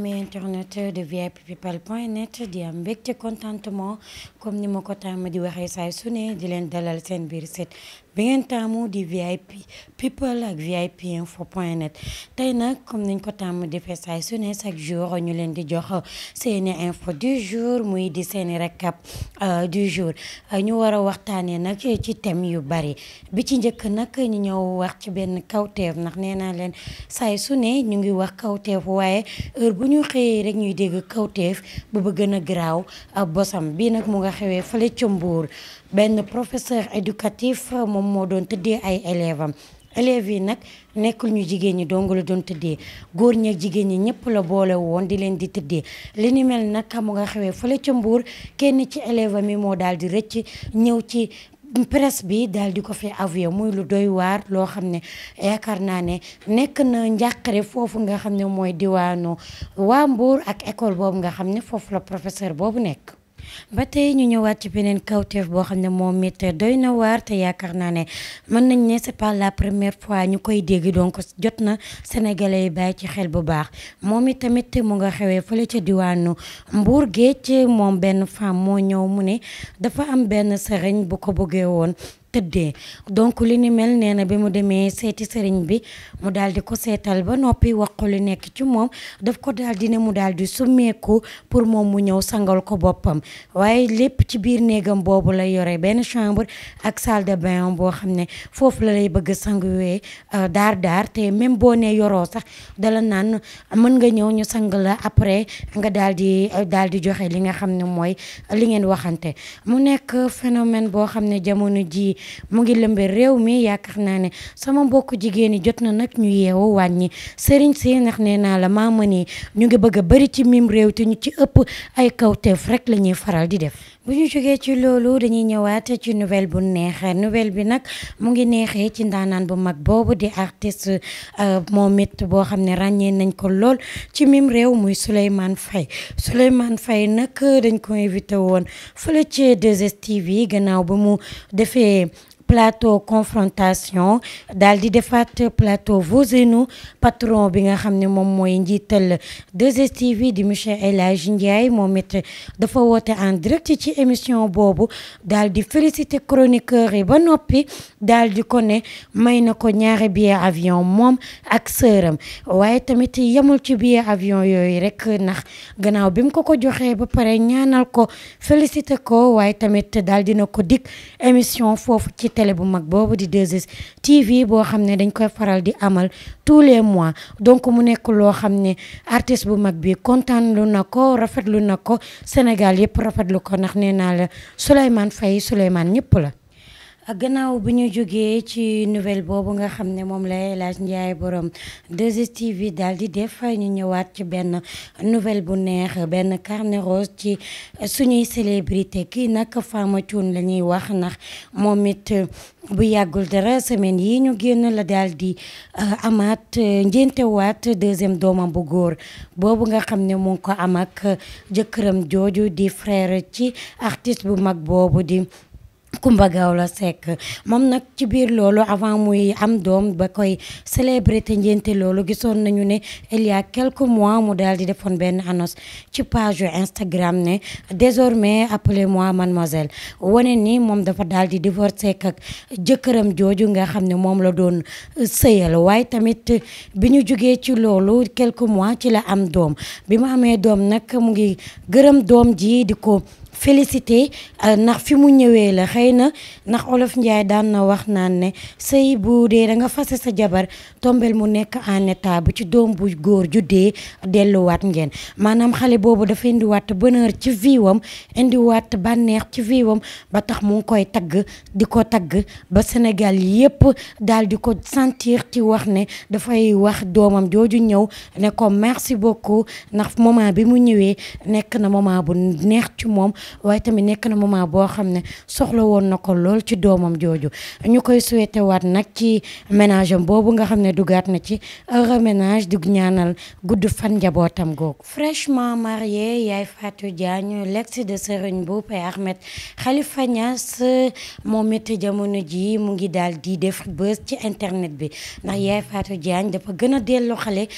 amee internet de vipeoples.net di am contentement comme ni ma ko tàmm di waxee saay su ne di leen dalal seen biir set bi ngeen taamu di VIP people ak VIP info point net tey nag comme niñ ko tàmm defee saay su ne chaque jour ñu leen di jox seeni info du jour muy di seeni récap euh, du jour ñu war a waxtaanee nag ci thème yu bari bi ci njëkk nag ñu ñëw wax ci benn kawteef ndax nee naa leen saay su ne ñu ngi wax kawteef waaye heure bu ñu xëyee rek ñuy dégg kawteef bu ba gën a garaaw euh, bosam bii nag mu nga xewee fële ca Mbuur benn professeur éducatif moom moo doon tëddee ay élèves am élèves yi nag nekkul ñu jigéen ñi dong la doon tëddee góor ñi jigéen ñi ñëpp la boole woon di leen di tëddee li ni mel nag kamu nga xewee fële ci Mbuur kenn ci élève yi moo daal di rëcc ñëw ci presse bi daal di ko fi avoué muy lu doy waar loo xam ne yaakaar naa ne nekk na njàqare foofu nga xam ne mooy diwaanu waa Mbuur ak école boobu nga xam ne foofu la professeur boobu nekk. ba tey ñu ñëwaat ci beneen kawteef boo xam ne moom it doy na waar te yaakaar naa ne mën nañ ne c'est pas la première fois ñu koy dégg donc jot na sénégalais yi bàyyi ci xel bu baax moom it tamit mu nga xewee fële ca diwaanu Mbour ci moom benn femme moo ñëw mu ne dafa am benn sëriñ bu ko bëggee woon tëddee donc li ni mel nee na bi mu demee seeti sëriñ bi mu daal di ko seetal ba noppi wax ko li nekk ci moom daf ko daal di ne mu daal di summeeku pour moom mu ñëw sangal ko boppam waaye lépp ci biir néegam boobu la yore benn chambre ak salle de bain boo xam ne foofu la lay bëgg sanguwee euh, daar daar te même boo nee yoroo sax dala naan mën nga ñëw ñu sang la après nga daal di euh, daal di joxe li nga xam ne mooy li ngeen waxante mu nekk phénomène boo xam ne jamono ji mu ngi lëmbe réew mii yaakaar naa ne sama mbokk jigéen yi jot na nag ñu yeewu ñi sëriñ si nax nee naa la maama nii ñu ngi bëgg a bëri ci miim réew te ñu ci ëpp ay kawteef rek la ñuy faral di def bu ñu jógee ci loolu dañuy ñëwaat ci nouvelle bu neexee nouvelle bi nag mu ngi neexee ci ndaanaan bu mag boobu di artiste euh, moo it boo xam ne ràññee nañ ko lool ci mim réew muy Souleymane Faye Souleymane Faye nag dañ ko invité woon fële ci 2 yi gannaaw ba mu defee plateau confrontation dal di defaat plateau nous patron bi nga xamné mom moy mooy deux 2STV di monsieur elage Hadji momit dafa woté en direct ci émission bobu dal di féliciter chroniqueur yi ba nopi dal di koné mayna ko ñaari billet avion mom ak sëram waye tamit yamul ci billet avion yoy rek nax gannaaw bim ko ko joxé ba paré ñaanal ko féliciter ko waye tamit dal dina ko dik émission fofu ci télé bu mag boobu di 2S TV boo xam ne dañ koy faral di amal tous les mois donc mu nekk loo xam ne artiste bu mag bi kontaan lu na ko rafetlu na ko Sénégal yëpp rafetlu ko ndax nee naa la Souleymane Faye Souleymane ñëpp la. Ah, gannaaw bi ñu jógee ci nouvelle boobu nga xam ne moom la El Hadj Ndiaye borom 2STV daal di def ñu ñëwaat ci benn nouvelle bu neex benn carnet ci suñuy célébrité kii nag Fama Thioune la ñuy wax ndax moom it bu yàggul dara semaine yi ñu génn la daal di ah, amaat njëntewaat deuxième doomam bu góor boobu nga xam ne mu ko am ak jëkkëram jooju di frère ci artiste bu mag boobu di. Coumba sec. Mam nak ci bir avant muy am dom ba koy célébrer te njënte loolu nañu ne il y a quelques mois mu daldi ben ci page Instagram ne désormais appelez-moi mademoiselle woné ni mom dafa daldi di divorcer ak jëkërëm jooju nga xamné ne la doon seyel way tamit biñu ñu ci loolu quelques mois ci la am dom bi doom mu ngi gërëm dom ji félicité euh, ndax fi mu ñëwee la xëy na ndax olof Njaay daan na wax naan ne say bu dee da nga fase sa jabar tombel mu nekk en état bu ci doom bu góor juddee delluwaat ngeen maanaam xale boobu dafa indiwaat bonheur ci viwam indiwaat bànneex ci viwam ba tax mu koy tagg di ko tagg ba Sénégal yépp daal di ko sentir ci wax ne dafay wax doomam jooju ñëw ne ko merci beaucoup ndax moment bi mu ñëwee nekk na moment bu neex ci moom waaye tamit nekk na moment boo xam ne soxla woon na ko lool ci doomam jooju ñu koy souhaité waat nag ci ménage boobu nga xam ne dugaat na ci reménage di ñaanal gudd fan njabootam googu. fraîchement marié yaay Fatou Diagne l'ex de Serigne Mboup et Ahmed Khalifa Niass moom it jamono ji mu ngi daal di def buzz ci internet bi ndax yaay Fatou Diagne dafa gën a dellu xale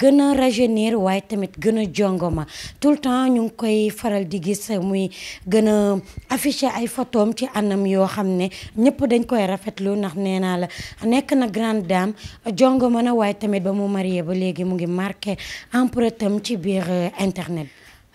gën a rajeunir waaye tamit gën a jongoma tout le temps ñu ngi koy faral di gis muy gën a affiché ay photom ci anam yoo xam ne ñëpp dañ koy rafetlu ndax nee naa la nekk na grande dame jongo mën waaye tamit ba mu marié ba léegi mu ngi marqué empreinte am ci biir euh, internet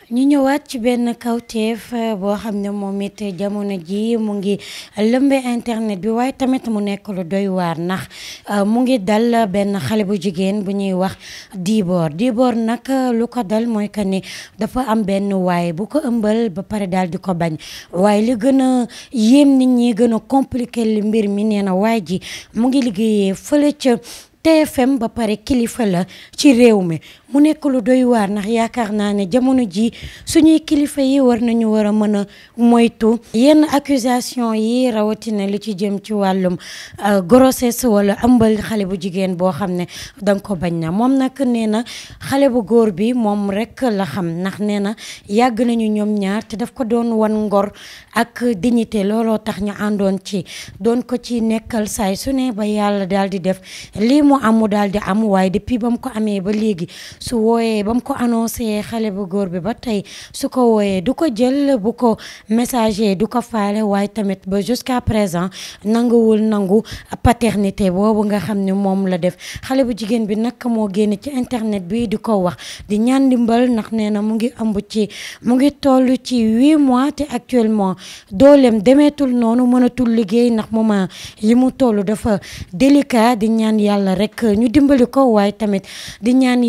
ñu ñëwaat ci benn kawteef euh, boo xam ne moom it jamono ji mu ngi lëmbe internet bi waaye tamit mu nekk lu doy waar ndax euh, mu ngi dal benn xale bu jigéen bu ñuy wax Dibor Dibor nag euh, lu ko dal mooy que ni dafa am benn waaye bu ko ëmbal ba pare daal di ko bañ waaye li gën a yéem nit ñi gën a compliqué li mbir mi nee na waay ji mu ngi liggéeyee fële ca TFM ba pare kilifa la ci réew mi mu nekk lu doy waar ndax yaakaar naa ne jamono ji suñuy kilifa yi war nañu war a mën a moytu yenn accusation yi rawatina li ci jëm ci wàllum euh, grossesse wala ëmbal xale bu jigéen boo xam ne danga ko bañ na moom nag nee na xale bu góor bi moom rek la xam ndax nee na yàgg nañu ñoom ñaar te daf ko doon wan ngor ak dignité looloo tax ñu àndoon ci doon ko ci nekkal saay su ne ba yàlla dal di def lii mu amu mu daal di am waaye depuis ba mu ko amee ba léegi su wooyee ba mu ko annoncé xale bu góor bi ba tey su ko wooyee du ko jël bu ko messager du ko faale waay tamit ba jusqu'à présent nanguwul nangu paternité boobu nga xam ni moom la def xale bu jigéen bi nag moo génn ci internet bi di ko wax di ñaan ndimbal ndax nee na mu ngi ëmb ci mu ngi toll ci huit mois te actuellement dooleem demeetul noonu mënatul liggéey ndax moment yi mu toll dafa délicat di ñaan yàlla rek ñu dimbali ko waay tamit di ñaan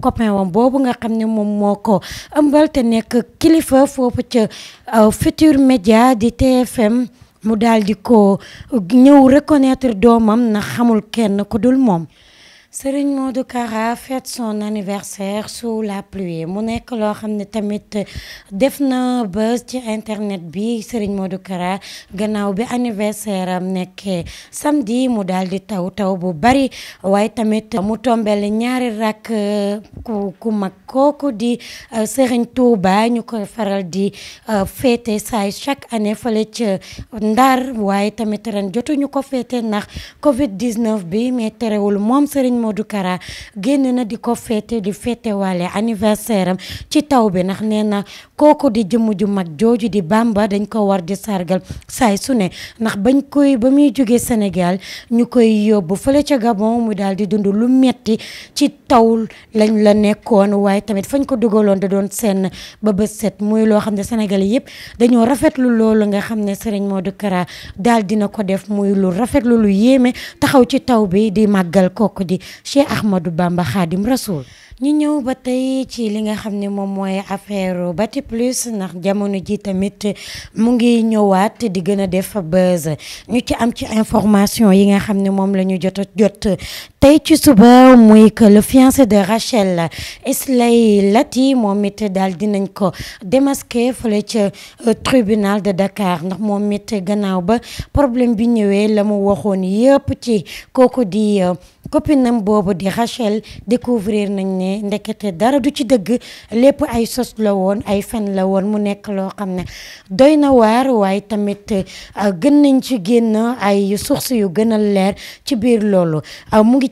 copain wam boobu nga xam ne moom moo ko ëmbal nekk kilifa foofu ca euh, Futurs Médias di TFM mu daal di ko ñëw reconnaître doomam na xamul kenn ku dul moom Serigne Modou Kara fête son anniversaire sous la pluie Mon école a xam tamit def na buzz ci internet bi Serigne Modou Kara gannaaw bi anniversaire am nekkee samedi mu daldi taw taw bu bari way tamit mu tombel ñaari rak ku ku mak kooku di euh, Serigne Touba ñukoy faral di euh, fêter ça. chaque année fele ci Ndar way tamit ren jotuñu ko fêter. nak Covid 19 bi mais terewul mom Serigne. Modou Kara génn na di ko féete di féetewaale anniversaire am ci taw bi ndax nee na kooku di jëmm ju mag jooju di Bamba dañ ko war di sargal saay su ne ndax bañ koy ba muy jógee Sénégal ñu koy yóbbu fële ca Gabon mu daal di dund lu metti ci taw lañ la nekkoon waaye tamit fañ ko dugaloon da doon seen ba ba set muy loo xam ne Sénégal yëpp dañoo rafetlu loolu nga xam ne Serigne Modou Kara daal dina ko def muy lu rafetlu lu yéeme taxaw ci taw bi di màggal kooku Cheikh Ahmadou Bamba Khadim Rasoul. ñu ñëw ba tey ci li nga xam ne moom mooy affaire Bati Plus ndax jamono jii tamit mu ngi ñëwaat di gën a def buzz ñu ci am ci information yi nga xam ne moom la ñu jot jot tey ci suba muy que le fiancé de Rachel Islay Lati momit Dal daal dinañ ko démasqué fële ci euh, tribunal de Dakar ndax momit gannaaw ba problème bi ñëwé la mu waxoon ci kooku di euh, copine am bobu di Rachel découvrir nañ né ndekete dara du ci dëgg lépp ay sos la woon ay fen la woon mu nekk lo xamné doyna war way tamit euh, gën nañ ci génn ay source yu gënal lèr ci biir loolu mu ngi